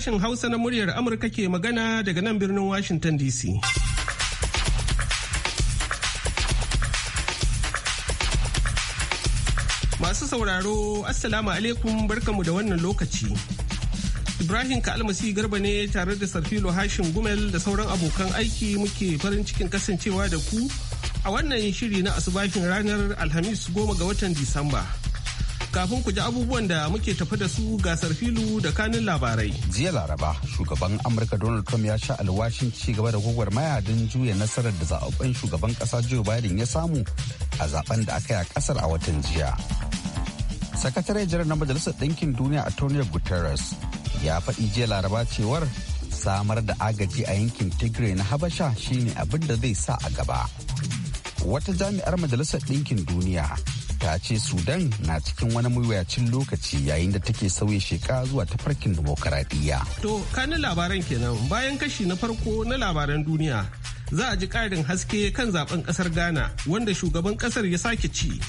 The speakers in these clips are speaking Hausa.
sashen Hausa na muryar Amurka ke magana daga nan birnin Washington DC. Masu sauraro, Assalamu alaikum barkamu da wannan lokaci. Ibrahim ka almasi Garba ne tare da Sarfilo Hashin Gumel da sauran abokan aiki muke farin cikin kasancewa da ku a wannan shiri na asubahin ranar Alhamis goma ga watan Disamba. Kafin ku ji abubuwan da muke tafi da su gasar filu da kanin labarai. Jiya Laraba, shugaban Amurka Donald Trump ya sha alwashin ci gaba da maya don juya nasarar da zaɓen shugaban ƙasa Joe Biden ya samu a zaben da aka yi a ƙasar a watan jiya. Sakatare jiran na Majalisar Ɗinkin Duniya Antonio Guterres ya faɗi jiya Laraba cewar samar da agaji a yankin Tigray na Habasha shine abin da zai sa a gaba. Wata jami'ar Majalisar Ɗinkin Duniya ta ce sudan na cikin wani mawuyacin lokaci yayin da take sauya sheka zuwa tafarkin demokaradiyya to kani labaran kenan bayan kashi na farko na labaran duniya za a ji ƙarin haske kan zaben ƙasar ghana wanda shugaban ƙasar ya sake ci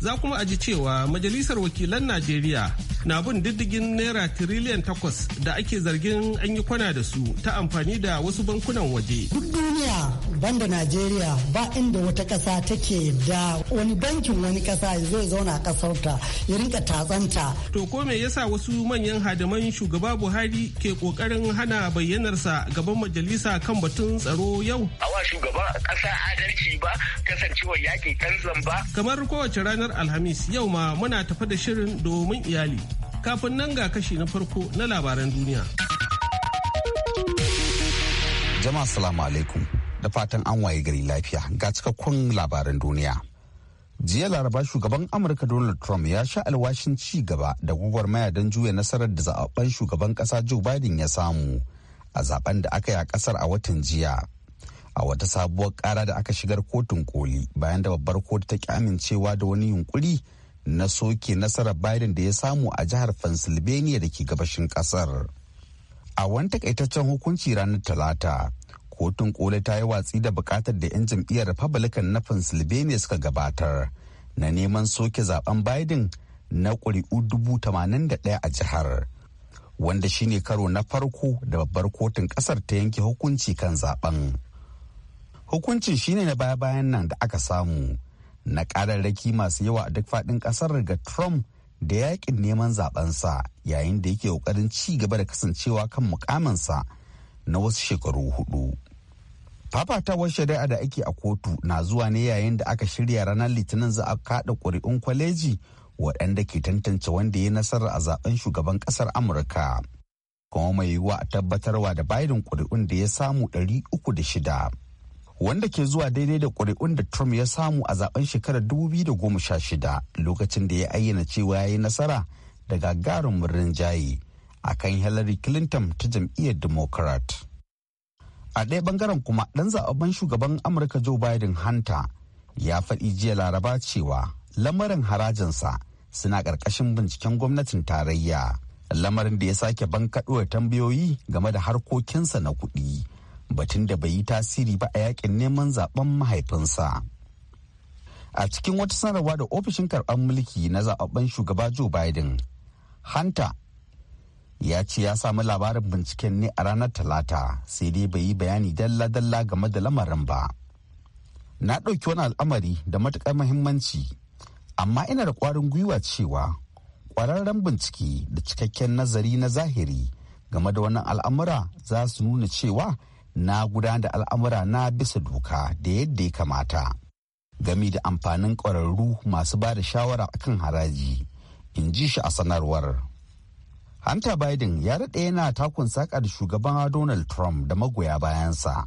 za kuma a ji cewa majalisar wakilan najeriya na bin diddigin naira tiriliyan takwas da ake zargin an yi kwana da su ta amfani da wasu bankunan waje duk duniya banda najeriya ba inda wata kasa take da wani bankin wani kasa zai zauna kasarta ya rinka tatsanta to ko me yasa wasu manyan hadiman shugaba buhari ke kokarin hana bayyanarsa gaban majalisa kan batun tsaro yau a shugaba kasa adalci ba kasancewar yaki kanzan ba kamar kowace ranar alhamis yau ma muna tafa da shirin domin iyali kafin nan ga kashi na farko na labaran duniya jama'a salamu alaikum da fatan an waye gari lafiya ga cikakkun labaran duniya. Jiya laraba shugaban Amurka Donald Trump ya sha alwashin ci gaba da maya don juya nasarar da zaɓaɓɓen shugaban ƙasa Joe Biden ya samu a zaɓen da aka yi a ƙasar a watan jiya. A wata sabuwar ƙara da aka shigar kotun koli bayan da babbar kotu ta ki amincewa da wani yunkuri na soke nasarar Biden da ya samu a jihar Pennsylvania da ke gabashin ƙasar. A wani takaitaccen hukunci ranar Talata, kotun koli ta yi watsi da bukatar da 'yan jam'iyyar republican na pennsylvania suka gabatar na neman soke zaben biden na ƙuri'u dubu da ɗaya a jihar wanda shine karo na farko da babbar kotun kasar ta yanke hukunci kan zaben hukuncin shine na baya-bayan nan da aka samu na ƙararraki masu yawa a duk faɗin ƙasar ga trump da yakin neman zabensa yayin da yake ƙoƙarin ci gaba da kasancewa kan mukaminsa na wasu shekaru hudu. Fafatawar shari'a da ake a kotu na zuwa ne yayin da aka shirya ranar litinin za a kada ƙuri'un kwaleji waɗanda ke tantance wanda ya nasara a zaben shugaban ƙasar Amurka. Kuma mai yiwuwa a tabbatarwa da Biden ƙuri'un da ya samu ɗari uku da shida. Wanda ke zuwa daidai da ƙuri'un da Trump ya samu a zaben shekarar shida lokacin da ya ayyana cewa ya yi nasara da gagarumin jaye a kan Hillary Clinton ta jam'iyyar Democrat. A ɗaya bangaren kuma ɗan zaɓaɓɓen shugaban Amurka Joe Biden Hunter ya faɗi jiya laraba cewa lamarin harajinsa suna ƙarƙashin binciken gwamnatin tarayya. Lamarin da ya sake bankaɗo tambayoyi game da harkokinsa na kuɗi. Batun da bai yi tasiri ba a yakin neman zaben mahaifinsa. A cikin wata sanarwa da ofishin karɓar mulki na zaɓaɓɓen shugaba Joe Biden, Hunter ya ce ya sami labarin binciken ne a ranar talata sai dai bai yi bayani dalla-dalla game da lamarin ba na ɗauki wani al'amari da matuƙar muhimmanci amma ina da ƙwarin gwiwa cewa ƙwararren bincike da cikakken nazari na zahiri game da wannan al'amura za su nuna cewa na gudanar da al'amura na bisa doka da yadda ya kamata Gami da amfanin ƙwararru masu ba da shawara akan haraji in ji shi a sanarwar. Hunter Biden ya daɗe yana takun saka da shugaban Donald Trump da magoya bayansa,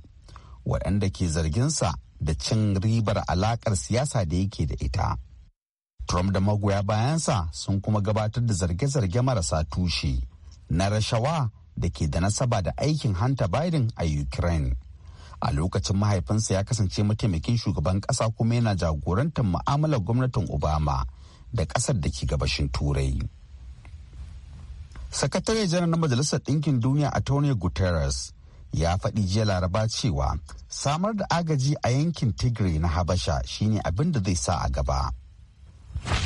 waɗanda ke zarginsa da cin ribar alaƙar siyasa da yake da ita. Trump da magoya bayansa sun kuma gabatar da zarge-zarge marasa tushe na rashawa da ke da nasaba da aikin Hunter Biden a Ukraine. A lokacin mahaifinsa ya kasance mataimakin shugaban ƙasa kuma yana jagorantar mu'amalar gwamnatin Obama da ƙasar da ke gabashin Turai. sakatare janar na majalisar ɗinkin duniya a antonio guterres ya faɗi jiya laraba cewa samar da agaji a yankin tigray na habasha shine abin da zai sa a gaba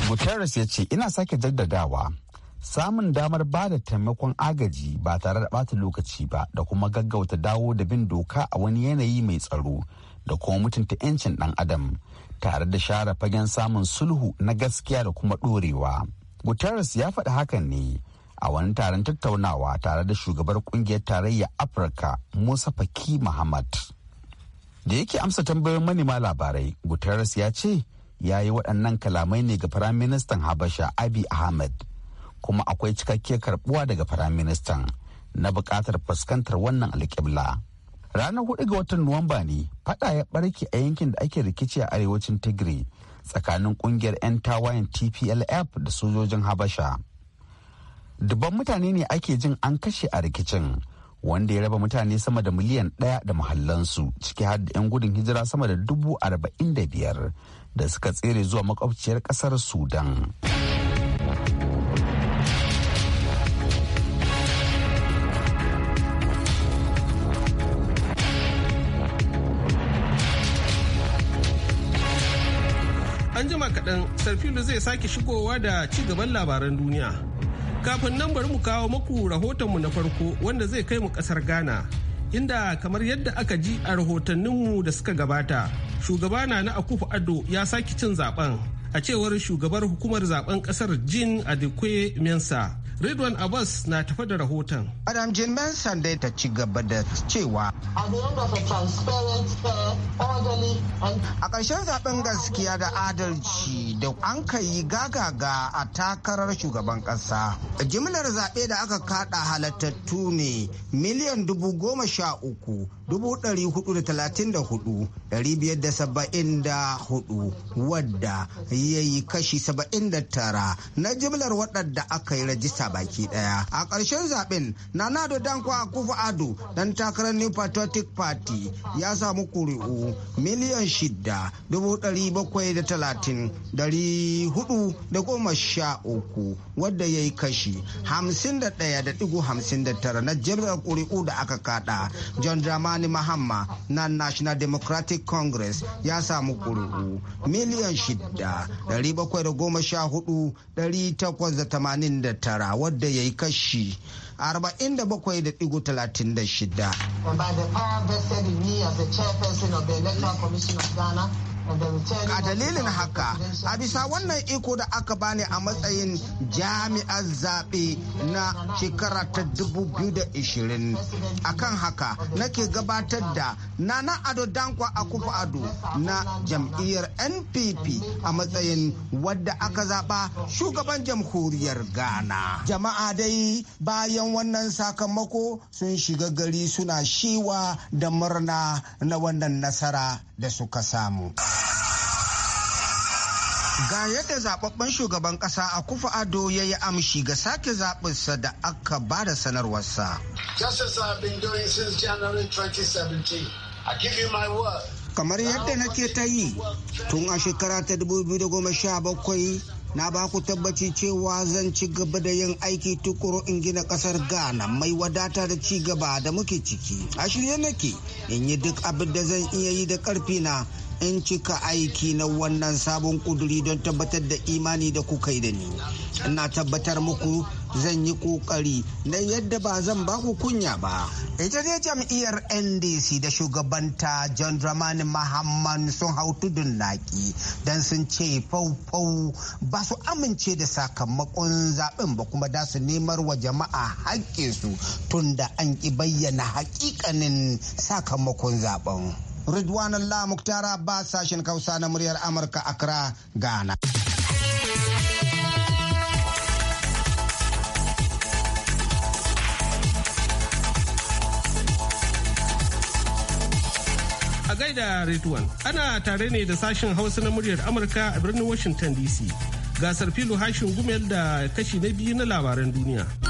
guterres ya ce ina sake jaddadawa samun damar ba da taimakon agaji ba tare da bata lokaci ba da kuma gaggauta dawo da bin doka a wani yanayi mai tsaro da kuma mutunta 'yancin ɗan adam tare da share fagen samun sulhu na gaskiya da kuma ɗorewa guterres ya faɗi hakan ne a wani taron tattaunawa tare da shugabar kungiyar tarayya afirka musa faki muhammad da yake amsa tambayoyin manema labarai guterres ya ce ya yi waɗannan kalamai ne ga firaministan habasha abi ahmed kuma akwai cikakke karɓuwa daga firaministan na buƙatar fuskantar wannan alƙibla ranar hudu ga watan nuwamba ne fada ya barke a yankin da ake rikici a arewacin tigray tsakanin kungiyar 'yan tawayen tplf da sojojin habasha dubban mutane ne ake jin an kashe a rikicin wanda ya raba mutane sama da miliyan ɗaya da muhallansu ciki har da 'yan gudun hijira sama da dubu arba'in da biyar da suka tsere zuwa makwabciyar ƙasar sudan an jima kaɗan sarfilu zai sake shigowa da ci gaban labaran duniya Kafin nan bari mu kawo maku rahotonmu na farko wanda zai kai mu kasar Ghana. Inda kamar yadda aka ji a rahotanninmu da suka gabata, shugaba na na Akufu Ado ya sake cin zaben a cewar shugabar hukumar zaben kasar jin Adekwe Mensa. Ridwan Abbas na tafi da rahoton. Adam Jin Manson dai ta ci gaba da cewa. Uh, a ƙarshen zaben gaskiya da adalci da an ka gagaga a takarar shugaban ƙasa. Jimlar zaɓe da aka kaɗa halattattu ne miliyan dubu goma sha uku dubu ɗari hudu da talatin da hudu ɗari biyar da saba'in da hudu wadda ya yi kashi saba'in da tara na jimlar waɗanda aka yi rajista baki daya a ƙarshen zaben nanado danko Kufa ado dan takarar new patriotic party ya samu kuri'u miliyan shida dubu dari bakwai da talatin dari hudu da goma sha uku wadda ya yi kashi hamsin da daya da digo hamsin da tara na jirgin kuri'u da aka kada john dramani mahamma na national democratic congress ya samu kuri'u miliyan shida dari bakwai da goma sha hudu dari takwas da tamanin da tara wadda ya yi kashi 47.36. a dalilin haka a bisa wannan iko da aka bani a matsayin jami'ar zaɓe na shekara ta 2020 akan haka nake gabatar da nana ado dankwa akufa ado na jam'iyyar npp a matsayin wadda aka zaɓa shugaban jamhuriyar ghana jama'a dai bayan wannan sakamako sun shiga gari suna shiwa da murna na wannan nasara da suka samu. ga yadda zaɓaɓɓen shugaban ƙasa a kufa ado ya yi amshi ga sake zaɓinsa da aka ba da sanarwarsa. kamar yadda nake ta yi tun a shekara ta 2017 na ba ku tabbaci cewa zan ci gaba da yin aiki tukuru in gina kasar ghana mai wadata da ci gaba da muke ciki a shirye nake in yi duk abin da zan iya yi da karfi na in cika aiki na wannan sabon kuduri don tabbatar da imani da kuka yi da ni ina tabbatar muku zan yi kokari na yadda ba zan ba ku kunya ba ita dai jam'iyyar ndc da shugabanta john dramani mahamman sun hau tudun naki don sun ce faufau ba su amince da sakamakon zaben ba kuma da su nemar wa jama'a haƙƙinsu tun da an ƙi bayyana hakikanin sakamakon zaben Ridwan Allah ba ba sashen kausa na muryar Amurka Accra, Ghana. A gaida Ridwan, ana tare ne da sashen Hausa na muryar Amurka a birnin Washington DC. Gasar filo hashin gumel da kashi na biyu na labaran duniya.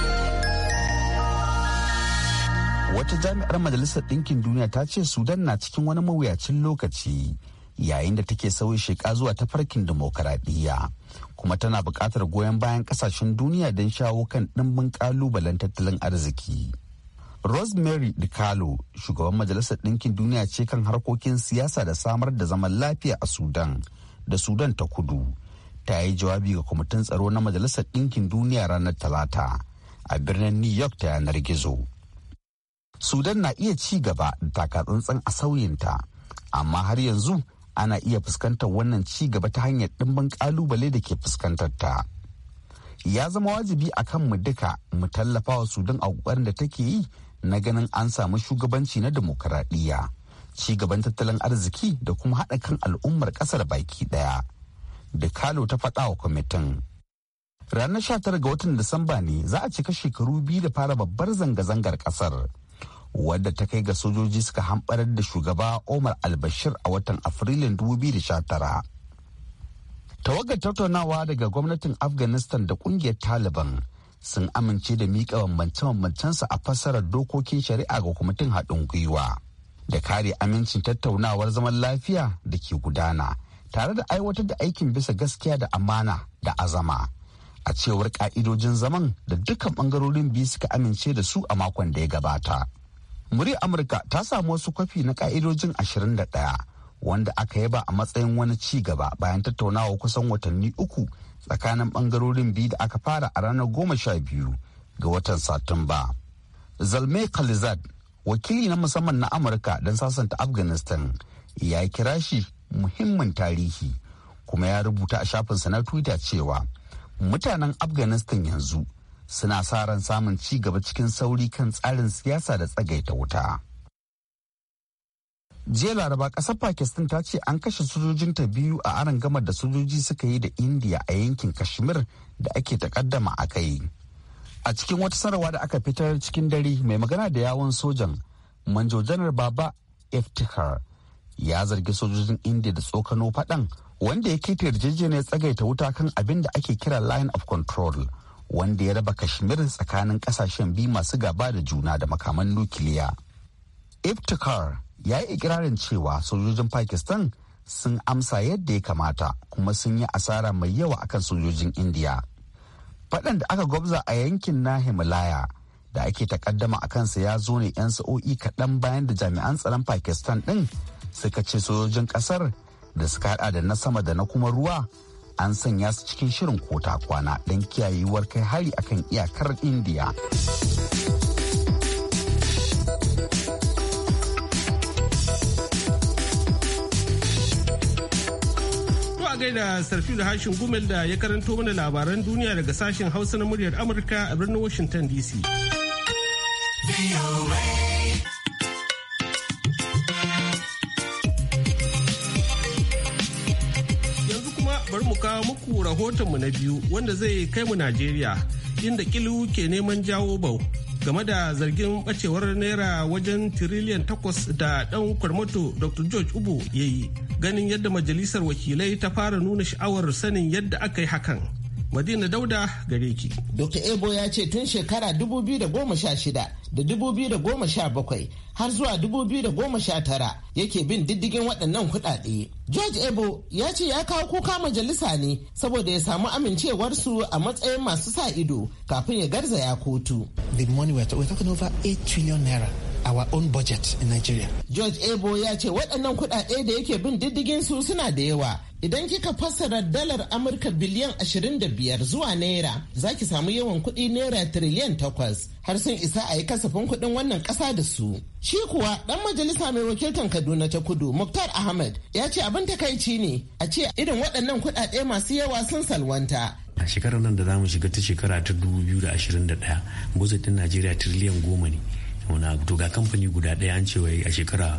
wata jami'ar majalisar ɗinkin duniya ta ce sudan na cikin wani mawuyacin lokaci yayin da take sauyi sheka zuwa ta farkin dimokuraɗiyya kuma tana buƙatar goyon bayan ƙasashen duniya don shawo kan ɗimbin ƙalubalen tattalin arziki rosemary dicalo shugaban majalisar ɗinkin duniya ce kan harkokin siyasa da samar da zaman lafiya a sudan da sudan ta kudu ta yi jawabi ga kwamitin tsaro na majalisar ɗinkin duniya ranar talata a birnin new york ta yanar gizo sudan na iya ci gaba da takatsantsan a sauyinta amma har yanzu ana iya fuskantar wannan ci gaba ta hanyar dimbin ƙalubale da ke fuskantar ta ya zama wajibi a kan mu duka mu tallafa wa sudan a ƙoƙarin da take yi na ganin an samu shugabanci na demokaradiyya ci gaban tattalin arziki da kuma haɗa kan al'ummar ƙasar baki ɗaya da kalo ta faɗa wa kwamitin ranar 19 ga watan disamba ne za a cika shekaru biyu da fara babbar zanga-zangar ƙasar wadda ta kai ga sojoji suka hamɓarar da shugaba Omar al-Bashir a watan Afrilun 2019. Tawagar tattaunawa daga gwamnatin Afghanistan da kungiyar Taliban sun amince da miƙa bambance su a fassarar dokokin shari'a ga kwamitin haɗin gwiwa da kare amincin tattaunawar zaman lafiya da ke gudana tare da aiwatar da aikin bisa gaskiya da amana da azama. a cewar ka'idojin zaman da dukkan bangarorin biyu suka amince da su a makon da ya gabata. muryar amurka ta samu wasu kwafi na ka'idojin 21 wanda aka yaba a matsayin wani ci gaba bayan tattaunawa kusan watanni uku tsakanin bangarorin biyu da aka fara a ranar goma sha biyu ga watan satumba zalme khalizad wakili na musamman na amurka don sasanta afghanistan ya kira shi muhimmin tarihi kuma ya rubuta a shafinsa na twitter cewa mutanen afghanistan yanzu suna sa ran samun ci gaba cikin sauri kan tsarin siyasa da tsagaita wuta. jiya laraba ƙasar pakistan ta ce an kashe sojojinta biyu a aron gamar da sojoji suka yi da indiya a yankin kashmir da ake takaddama a kai a cikin wata sarawa da aka fitar cikin dare mai magana da yawon sojan manjo janar baba iftikhar ya zargi sojojin indiya da tsokano faɗan wanda ya keta yarjejeniyar tsagaita wuta kan abin da ake kira line of control wanda ya raba kashmir tsakanin kasashen biyu masu gaba da juna da makaman nukiliya iftikhar ya yi ikirarin cewa sojojin pakistan sun amsa yadda ya kamata kuma sun yi asara mai yawa akan sojojin indiya faɗan da aka gwabza a yankin na himalaya da ake takaddama a kansa ya zo ne 'yan sa'o'i kaɗan bayan da jami'an tsaron pakistan ɗin suka ce sojojin ƙasar da suka haɗa da na sama da na kuma ruwa an sanya su cikin shirin kota kwana don kiyayewar kai hari akan iyakar indiya gaida sarfi da hashin gumel da ya karanto mana labaran duniya daga sashen hausa na muryar amurka a birnin washington dc. kawo muku rahotonmu na biyu wanda zai kai mu Najeriya inda kilu ke neman jawo bau game da zargin bacewar naira wajen tiriliyan takwas da dan kwarmato dr george ubu ya yi ganin yadda majalisar wakilai ta fara nuna sha'awar sanin yadda aka yi hakan Madina Dauda gare ki. Dr. Ebo ya ce tun shekara 2016 da 2017 har zuwa 2019 yake bin diddigin waɗannan kuɗaɗe. George Ebo ya ce ya kawo kuka majalisa ne saboda ya samu amincewarsu a matsayin masu sa ido kafin ya garzaya kotu. The money we're talking over 8 trillion naira. our own budget in Nigeria. George Ebo ya ce waɗannan kuɗaɗe da yake bin diddigin su suna da yawa. Idan kika fassara dalar Amurka biliyan 25 zuwa naira, za ki samu yawan kuɗi naira triliyan takwas har sun isa a yi kasafin kuɗin wannan ƙasa da su. Shi kuwa ɗan majalisa mai wakiltan Kaduna ta kudu Muktar Ahmed ya ce abin takaici ne a ce irin waɗannan kuɗaɗe masu yawa sun salwanta. a shekarar nan da za mu shiga ta shekara ta 2021 budget din najeriya tiriliyan goma ne wani to ga kamfani guda daya an cewa a shekara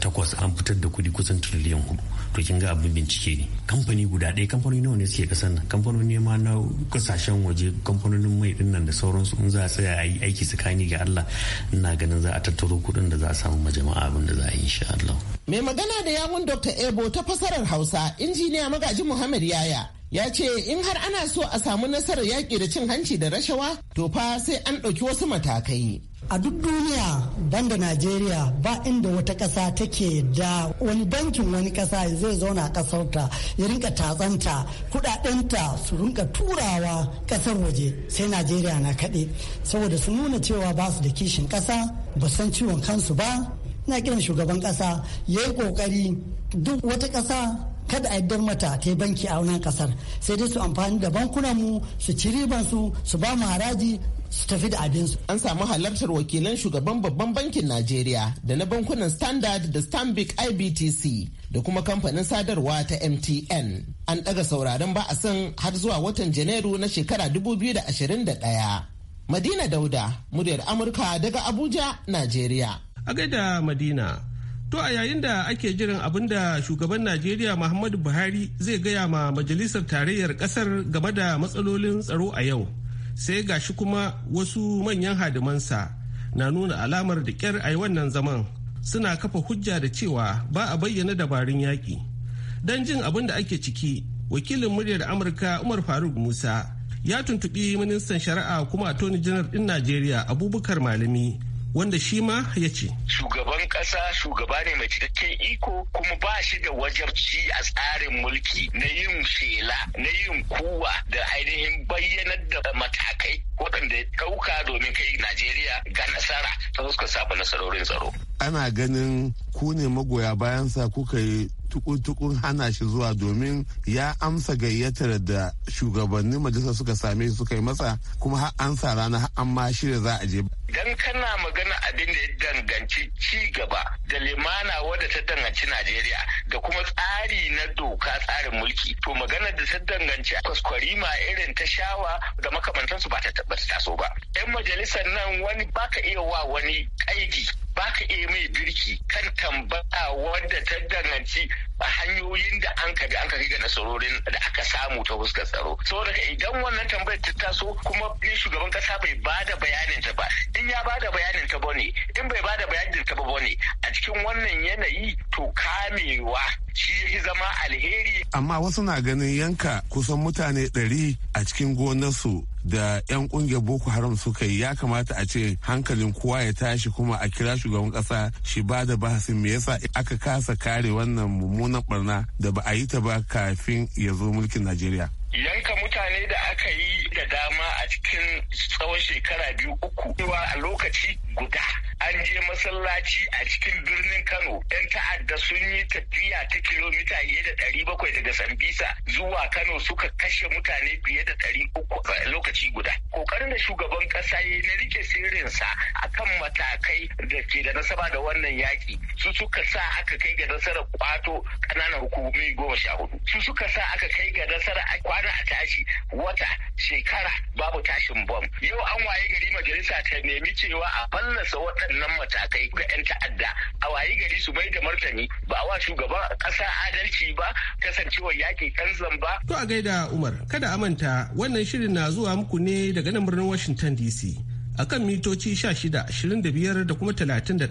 takwas an fitar da kuɗi kusan tiriliyan hudu to kin ga abin bincike ne kamfani guda daya kamfani nawa ne suke kasan nan ne ma na kasashen waje kamfanonin mai din nan da sauransu in za a tsaya a yi aiki tsakani ga Allah ina ganin za a tattaro kuɗin da za a samu majama'a abin da za a yi insha Allah. Mai magana da yawun Dr. Ebo ta fasarar Hausa injiniya magaji Muhammad Yaya ya ce in har ana so a samu nasarar yaƙi da cin hanci da rashawa to fa sai an ɗauki wasu matakai. a duk duniya banda najeriya ba inda wata ƙasa take da wani bankin wani ƙasa zai zauna ƙasarta ya rinka tatsanta kuɗaɗenta su rinka turawa ƙasar waje sai najeriya na kaɗe saboda su nuna cewa ba su da kishin ƙasa ba san ciwon kansu ba na kiran shugaban ƙasa ya yi ƙoƙari duk wata ƙasa kada a yaddar mata ta yi banki a wannan kasar sai dai su amfani da bankunan mu su ci riban su su ba mu haraji su tafi da abinsu. An samu halartar wakilan shugaban babban bankin Najeriya da na bankunan Standard da Stanbic IBTC da kuma kamfanin sadarwa ta MTN. An ɗaga sauraron ba a san har zuwa watan Janairu na shekara da da ɗaya. Madina Dauda, muryar Amurka daga Abuja, Najeriya. A gaida Madina, To a yayin da ake jiran abin da shugaban Najeriya Muhammadu Buhari zai gaya ma majalisar tarayyar kasar game da matsalolin tsaro a yau. Sai gashi kuma wasu manyan hadimansa na nuna alamar da kyar a wannan zaman suna kafa hujja da cewa ba a bayyana dabarun yaƙi. Don jin abin da ake ciki, wakilin muryar Amurka Umar Faruk Musa ya tuntuɓi ministan shari'a kuma atoni janar ɗin Najeriya Abubakar Malami wanda shi ma ya ce. Shugaban ƙasa shugaba ne mai cikakken iko kuma ba shi da wajabci a tsarin mulki na yin shela na yin kuwa da ainihin bayyanar da matakai waɗanda ya ɗauka domin kai Najeriya ga nasara ta fuskar sabon nasarorin tsaro. Ana ganin ku ne magoya sa kuka yi tukun-tukun hana shi zuwa domin ya amsa gayyatar da shugabannin majalisa suka same shi suka yi masa kuma har an sa rana har an ma shirya za a je dan kana magana abin da ya danganci ci gaba da limana wadda ta danganci Najeriya da kuma tsari na doka tsarin mulki to magana da ta danganci ma irin ta shawa da makamantansu ba ta taso ba. 'Yan majalisar nan wani baka iya wa wani kaidi baka iya mai birki kan tambaya wadda ta danganci a hanyoyin da an ka an ka ga nasarorin da aka samu ta fuskar tsaro. Saboda idan wannan tambayar ta taso kuma ne shugaban kasa bai bada bayanin ta ba. in ya bada bayanin ta bane in bai bada bayanin ta bane a cikin wannan yanayi to kamewa shi zama alheri amma wasu na ganin yanka kusan mutane ɗari a cikin gonarsu da 'yan kungiyar boko haram suka yi ya kamata a ce hankalin kowa ya tashi kuma a kira shugaban kasa shi ba da bahasin me yasa aka kasa kare wannan mummunan barna da ba a yi ta ba kafin ya zo mulkin najeriya yanka mutane da aka yi da dama a cikin tsawon shekara biyu uku cewa a lokaci guda an je masallaci a cikin birnin Kano. 'Yan ta'adda sun yi tafiya ta kilomita fiye da ɗari bakwai daga Sambisa zuwa Kano suka kashe mutane fiye da ɗari uku a lokaci guda. Kokarin da shugaban ƙasa ya na rike sirrinsa a kan matakai da ke da nasaba da wannan yaƙi su suka sa aka kai ga nasarar kwato ƙananan hukumomi goma sha hudu. Su suka sa aka kai ga nasarar kwana a tashi wata shekara babu tashin bom. Yau an waye gari majalisa ta nemi cewa a fallasa wata waɗannan matakai ga 'yan ta'adda a wayi gari su mai da martani ba wa shugaban ƙasa adalci ba kasancewar yaƙi kanzan ba. To a gaida Umar kada a manta wannan shirin na zuwa muku ne daga nan birnin Washington DC akan mitoci 16, 25 da kuma 31.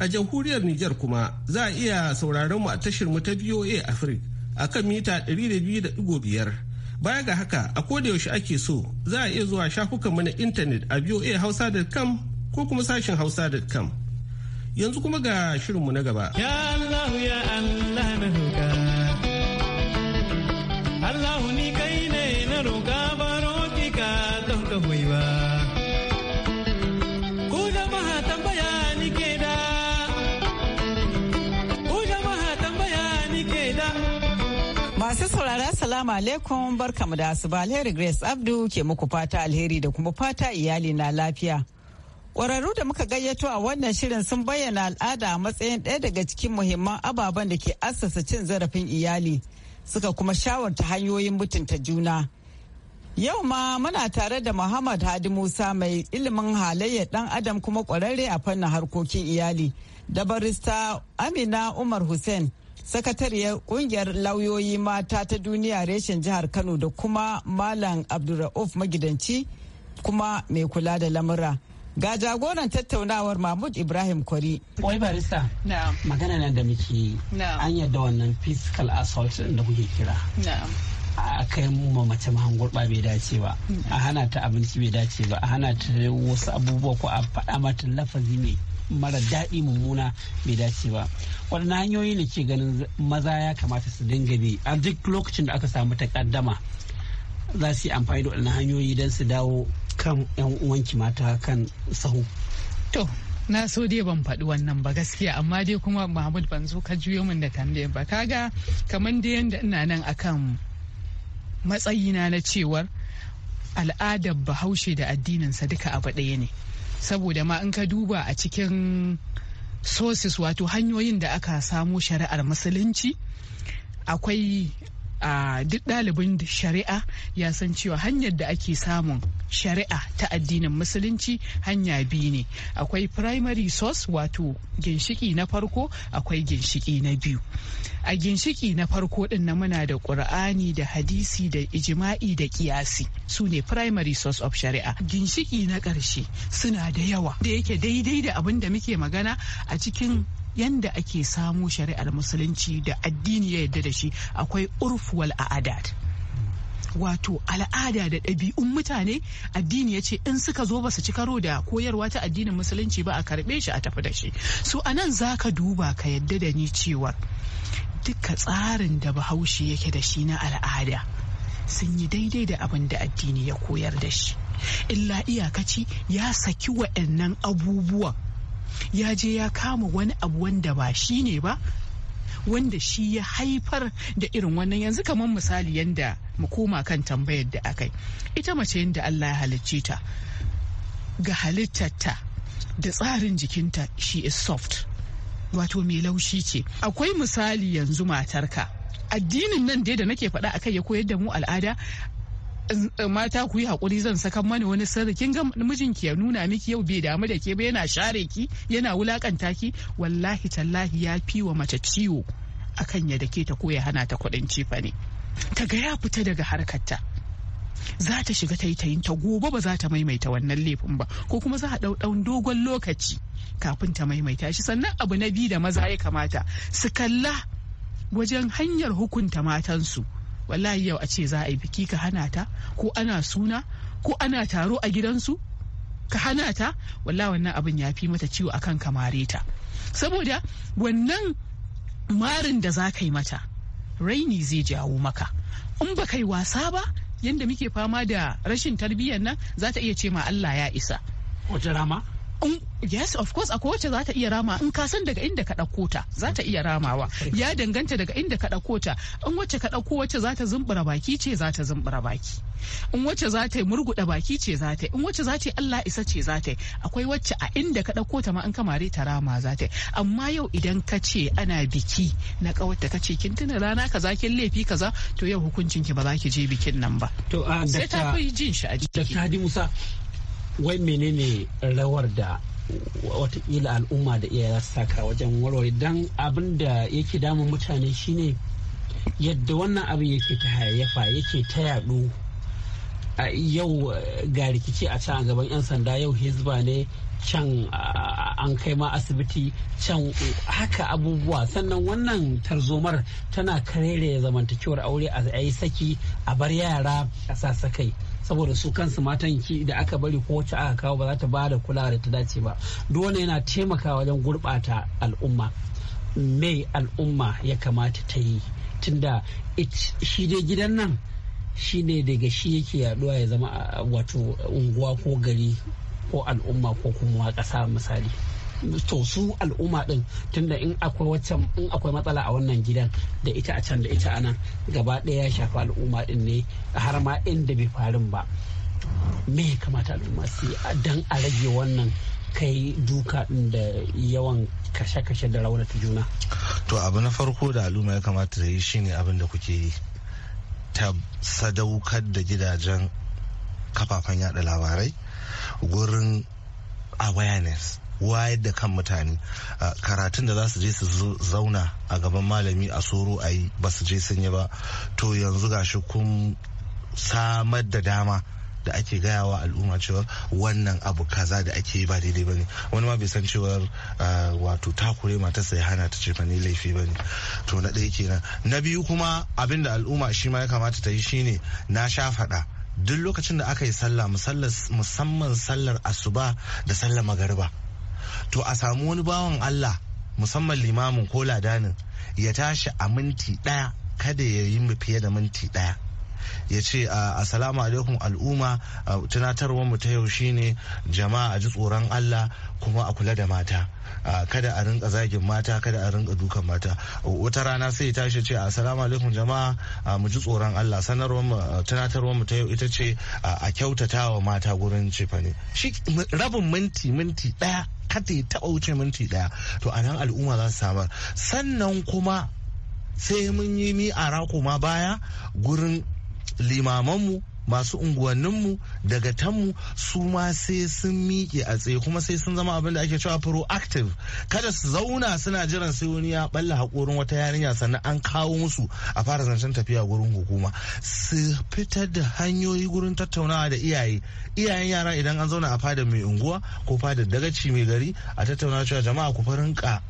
a jamhuriyar Nijar kuma za a iya sauraron mu a tashar mu ta VOA Africa a kan mita biyar Baya ga haka a koda yaushe ake so za a iya zuwa shafukan mu na intanet a voahausa.com ko kuma sashen kam. Yanzu kuma ga shirinmu na gaba. Ya Allah ya Allah na roƙa. Allah ni kai ne na roƙa baro ki ka don ka ba. Ku jama'a tambaya ni ke da. Ku jama'a tambaya ni ke da. Masu saurara salamu alaikum barkamu da asuba alheri Grace Abdu ke muku fata alheri da kuma fata iyali na lafiya. Ƙwararru da muka gayyato a wannan shirin sun bayyana al'ada a matsayin ɗaya daga cikin muhimman ababen da ke assasa cin zarafin iyali suka kuma shawarta hanyoyin mutunta juna. Yau ma muna tare da Muhammad Hadi Musa mai ilimin halayyar ɗan adam kuma ƙwararre a fannin harkokin iyali da barista Amina Umar Hussein. sakatariyar kungiyar lauyoyi mata ta duniya reshen jihar kano da kuma malam abdulra'uf magidanci kuma mai kula da lamura Ga jagoran tattaunawar Mahmud Ibrahim Kwari. Wai barista, magana nan da muke an yadda wannan physical assault da kuke kira. a kai ma mace hangurba bai dace ba a hana ta abinci bai dace ba a hana ta wasu abubuwa ko a faɗa mata lafazi mai mara daɗi mummuna bai dace ba waɗanne hanyoyi ne ke ganin maza ya kamata su dinga bi a duk lokacin da aka samu takaddama za su yi amfani da waɗannan hanyoyi don su dawo kan 'yan uwanki mata kan sahu to na so dai ban faɗi wannan ba gaskiya amma dai kuma mahmud ban zo ka juyo min da tambayar ba kaga kamar dai yadda ina nan akan matsayina na cewar al'adar bahaushe da addininsa duka abu ɗaya ne saboda ma in ka duba a cikin sosis wato hanyoyin da aka samo shari'ar musulunci akwai a duk ɗalibin shari'a ya san cewa hanyar da ake samun shari'a ta addinin musulunci hanya biyu ne akwai primary source wato ginshiki na farko akwai ginshiki na biyu a ginshiki na farko din na muna da ƙur'ani da hadisi da ijima'i da ƙiyasi su ne primary source of shari'a ginshiki na ƙarshe suna da yawa da yake daidai da abin da muke magana a cikin yanda ake samo shari'ar musulunci da addini ya yadda da shi akwai urfuwal a'adat wato al'ada da ɗabi'un mutane addini ya ce in suka zo ba su ci karo da koyarwa ta addinin musulunci ba a karɓe shi a tafi da shi so a nan za ka duba ka yadda da ni cewar duka tsarin da bahaushe yake da shi na al'ada sun yi daidai da abin da addini ya koyar da shi illa iyakaci ya saki wa'annan abubuwan ya je ya kama wani abu wanda ba shi ne ba wanda shi ya haifar da irin wannan yanzu kamar misali yadda mu koma kan tambayar da aka ita mace yadda Allah ya halicce ta ga halittarta da tsarin jikinta shi is soft wato mai laushi ce akwai misali yanzu matarka addinin nan dai da nake faɗa akai ya koyar da mu al'ada mata ku yi hakuri zan saka mana wani sirri kin ga mijinki ya nuna miki yau bai damu da ke ba yana share ki yana wulakanta ki wallahi tallahi ya fi wa mace ciwo akan ya dake ta ko ya hana ta kuɗin cifa ne ta ga ya fita daga harkarta za ta shiga yi ta gobe ba za ta maimaita wannan laifin ba ko kuma za a ɗau dogon lokaci kafin ta maimaita shi sannan abu na biyu da maza ya kamata su kalla wajen hanyar hukunta matansu wallahi yau a ce za a yi biki ka hana ta ko ana suna ko ana taro a gidansu ka hana ta wallahi wannan abin ya fi mata ciwo akan kamare ta saboda wannan marin da za ka yi mata raini zai jawo maka in ba kai wasa ba yadda muke fama da rashin tarbiyyar nan za ta iya ce ma Allah ya isa. Wace yes of course akwai wacce za ta iya rama in ka san daga inda ka ɗauko ta za ta iya ramawa ya danganta daga inda ka ɗauko ta in wacce ka ɗauko wacce za ta zumbura baki ce za ta zumbura baki in wacce za ta murguɗa baki ce za ta in wacce za ta Allah isa ce za ta akwai wacce a inda ka ɗauko ta ma in ka mare ta rama za ta amma yau idan ka ce ana biki na kawarta ka ce kin tuna rana kaza kin laifi kaza to yau hukuncin ki ba za ki je bikin nan ba to ah, sai ta fi jin shi a jiki wai menene rawar da watakila al'umma da iyaye za su taka wajen warware don abin da yake damun mutane shine yadda wannan abin yake ta hayayyafa yake ta yadu a yau eh, ga rikici a can a gaban 'yan sanda yau hisba ne can ah, an kai ma asibiti can uh, haka abubuwa sannan wannan tarzomar tana karere zamantakewar aure a yi saki a bar yara a sasakai saboda su kansu matan ki da aka bari ko wacce aka kawo ba za ta ba da kula da ta dace ba dole yana taimaka wajen gurɓata al'umma me al'umma ya kamata ta yi tunda shi dai gidan nan shi ne daga shi yake yaduwa ya zama wato unguwa ko gari ko al'umma ko kuma ƙasa misali. to su al'umma din tunda in akwai waccan in akwai matsala a wannan gidan da ita a can da ita anan gaba ɗaya ya shafi al'umma din ne har ma inda bai farin ba me ya kamata al'umma su yi dan a rage wannan kai duka din da yawan kashe-kashe da raunata juna to abu na farko da al'umma ya kamata ta yi shine abin da kuke yi ta sadaukar da gidajen kafafen yada labarai gurin awareness wayar da kan mutane karatun da za su je su zauna a gaban malami a soro a yi ba su je sun yi ba to yanzu ga shi kun samar da dama da ake gaya wa al'umma cewa wannan abu kaza da ake yi ba daidai ba ne wani ma bai san cewar wato takure mata sai hana ta ce fa laifi laifi ne to na ɗaya kenan na biyu kuma abin da al'umma shi ma ya kamata ta yi shine na sha faɗa duk lokacin da aka yi sallah musamman sallar asuba da sallar magariba to a samu wani bawan Allah musamman limamin ko ladanin ya tashi a minti ɗaya kada ya yi fiye da minti ɗaya ya ce assalamu alaikum al'umma tunatarwar mu ta yau shine jama'a a ji tsoron Allah kuma a kula da mata kada a rinka zagin mata kada a rinka dukan mata wata rana sai tashi ce a salamu alaikum jama'a mu ji tsoron Allah sanarwar mu tunatarwar mu ta yau ita ce a kyautata wa mata gurin cefane shi rabin minti minti daya kada ya taba wuce minti daya to anan al'umma za su samar sannan kuma sai mun yi mi a rako ma baya gurin limamanmu masu unguwanninmu daga tanmu su ma sai sun miƙe a tsaye kuma sai sun zama abin da ake cewa proactive kada su zauna suna jiran sai wani ya balla haƙorin wata yarinya sannan an kawo musu a fara zancen tafiya gurin hukuma su fitar da hanyoyi gurin tattaunawa da iyaye iyayen yara idan an zauna a fada mai unguwa ko fada dagaci mai gari a tattauna cewa jama'a ku farinka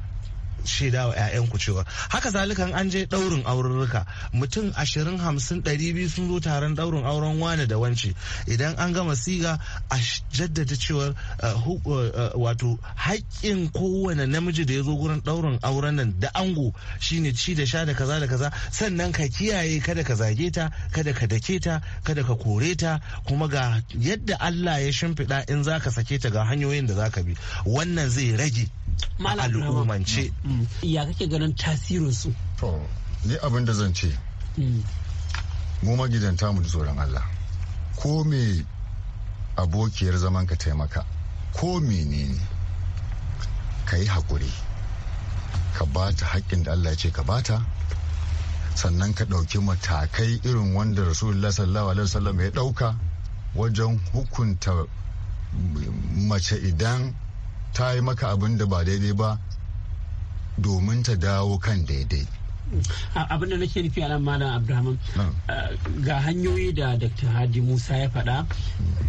shaida wa 'ya'yanku cewa haka zalika an je daurin Ruka mutum ashirin hamsin ɗari biyu sun zo taron daurin auren wane da wance idan an gama siga a jaddada cewa eh, eh, eh, wato haƙƙin kowane namiji da ya zo gurin daurin auren nan da ango shine ci da sha da kaza da kaza sannan ka kiyaye kada ka zage ta kada ka dake ta kada ka kore ta kuma ga yadda Allah ya shimfiɗa in zaka sake ta ga hanyoyin da zaka bi wannan zai rage al'ummance. Mm, mm. ya kake ganin tasirinsu to ni abin da zan ce mm. mu magidanta mu da tsoron Allah ko me abokiyar zaman ka taimaka ko menene ka yi hakuri ka ba ta haƙƙin da Allah ya ce ka bata sannan ka ɗauki matakai irin wanda rasulullah sallallahu alaihi wasallam ya ɗauka wajen hukunta mace idan ta yi maka abin da ba daidai ba domin ta dawo kan daidai abin da nake nufi anan malam abdulrahman ga hanyoyi da dr hadi musa ya faɗa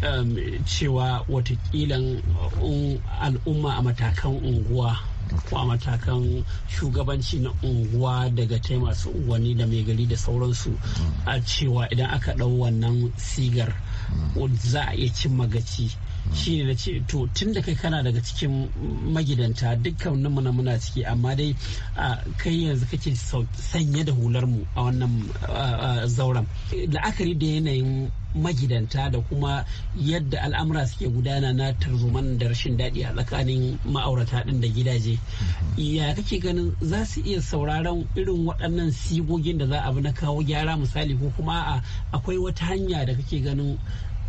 um, cewa watakilan um, al'umma a matakan unguwa ko a matakan shugabanci na unguwa daga tai masu unguwanni da mai gari da sauransu a cewa idan aka ɗau wannan sigar hmm. za a iya cin magaci shine na ce to tun da kai kana daga cikin magidanta dukkan mu na muna ciki amma dai kai yanzu kake sanye da hular mu a wannan zauren la'akari da yanayin magidanta da kuma yadda al'amura suke gudana na tarzoman da rashin daɗi a tsakanin ma'aurata ɗin da gidaje ya kake ganin za su iya sauraron irin waɗannan sigogin da za a bi na kawo gyara misali ko kuma akwai wata hanya da kake ganin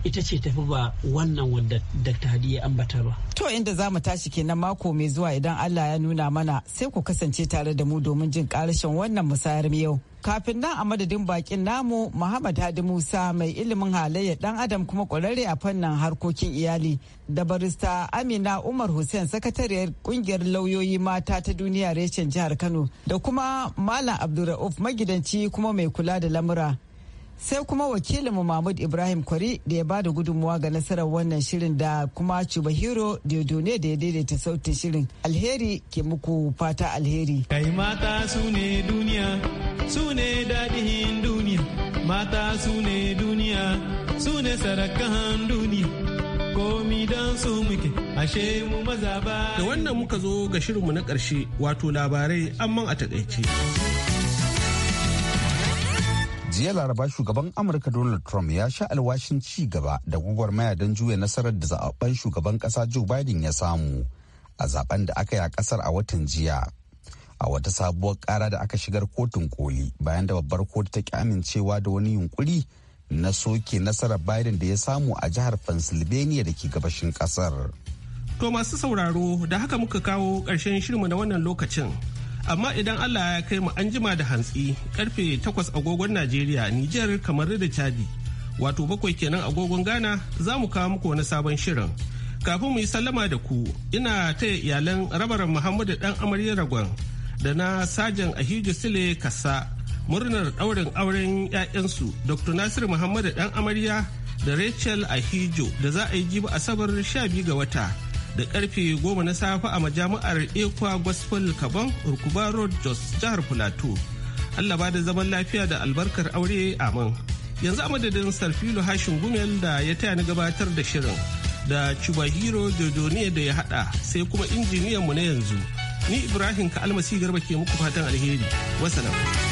ita ce tafi ba wannan wadda Dr. Hadi ya ambata ba. To inda za mu tashi kenan mako mai zuwa idan Allah ya nuna mana sai ku kasance tare da mu domin jin karashin wannan musayar yau. Kafin nan a madadin bakin namu Muhammad Hadi Musa mai ilimin halayya dan Adam kuma kwararre a fannin harkokin iyali da barista Amina Umar Hussein sakatariyar kungiyar lauyoyi mata ta duniya reshen jihar Kano da kuma Malam Abdulrauf magidanci kuma mai kula da lamura. sai kuma wakilin mu mahmud ibrahim kwari da ya bada gudunmuwa ga nasarar wannan shirin da kuma cuba hero ne da ya daidaita sautin shirin alheri ke muku fata alheri kai mata su ne duniya su ne dadihin duniya mata su ne duniya su ne sarakan duniya komi don su muke ashe mu maza ba da wannan muka zo ga shirinmu na ƙarshe wato labarai amman a takaice. jiya laraba shugaban amurka donald trump ya sha alwashin ci gaba da gwagwarmaya don juya nasarar da zaɓaɓɓen shugaban ƙasa joe biden ya samu a zaben da aka yi a ƙasar a watan jiya a wata sabuwar ƙara da aka shigar kotun koli bayan da babbar kotu ta ki amincewa da wani yunkuri na soke nasarar biden da ya samu a jihar pennsylvania da ke gabashin ƙasar to masu sauraro da haka muka kawo ƙarshen shirmu na wannan lokacin amma idan Allah ya kai mu anjima da hantsi karfe 8 agogon Najeriya Nijar kamar da Chadi wato bakwai kenan agogon Ghana za mu kawo muku wani sabon shirin kafin mu yi sallama da ku ina taya iyalan rabaran Muhammadu dan amarya ragon da na sajan Ahijo Sile kasa murnar daurin auren 'ya'yansu Dr. Nasir Muhammadu dan amarya da Rachel Ahijo da za a yi jibi Asabar 12 ga wata da karfe goma na safe a majami'ar Ekwa Gospel Kaban Urkuba Road Jos jihar Plateau. Allah ba da zaman lafiya da albarkar aure amin. Yanzu a madadin Sarfilo Hashin Gumel da ya taya ni gabatar da shirin da Chubahiro Dodoniya da ya hada sai kuma injiniyan mu na yanzu. Ni Ibrahim ka Almasi Garba ke muku fatan alheri. Wasalam.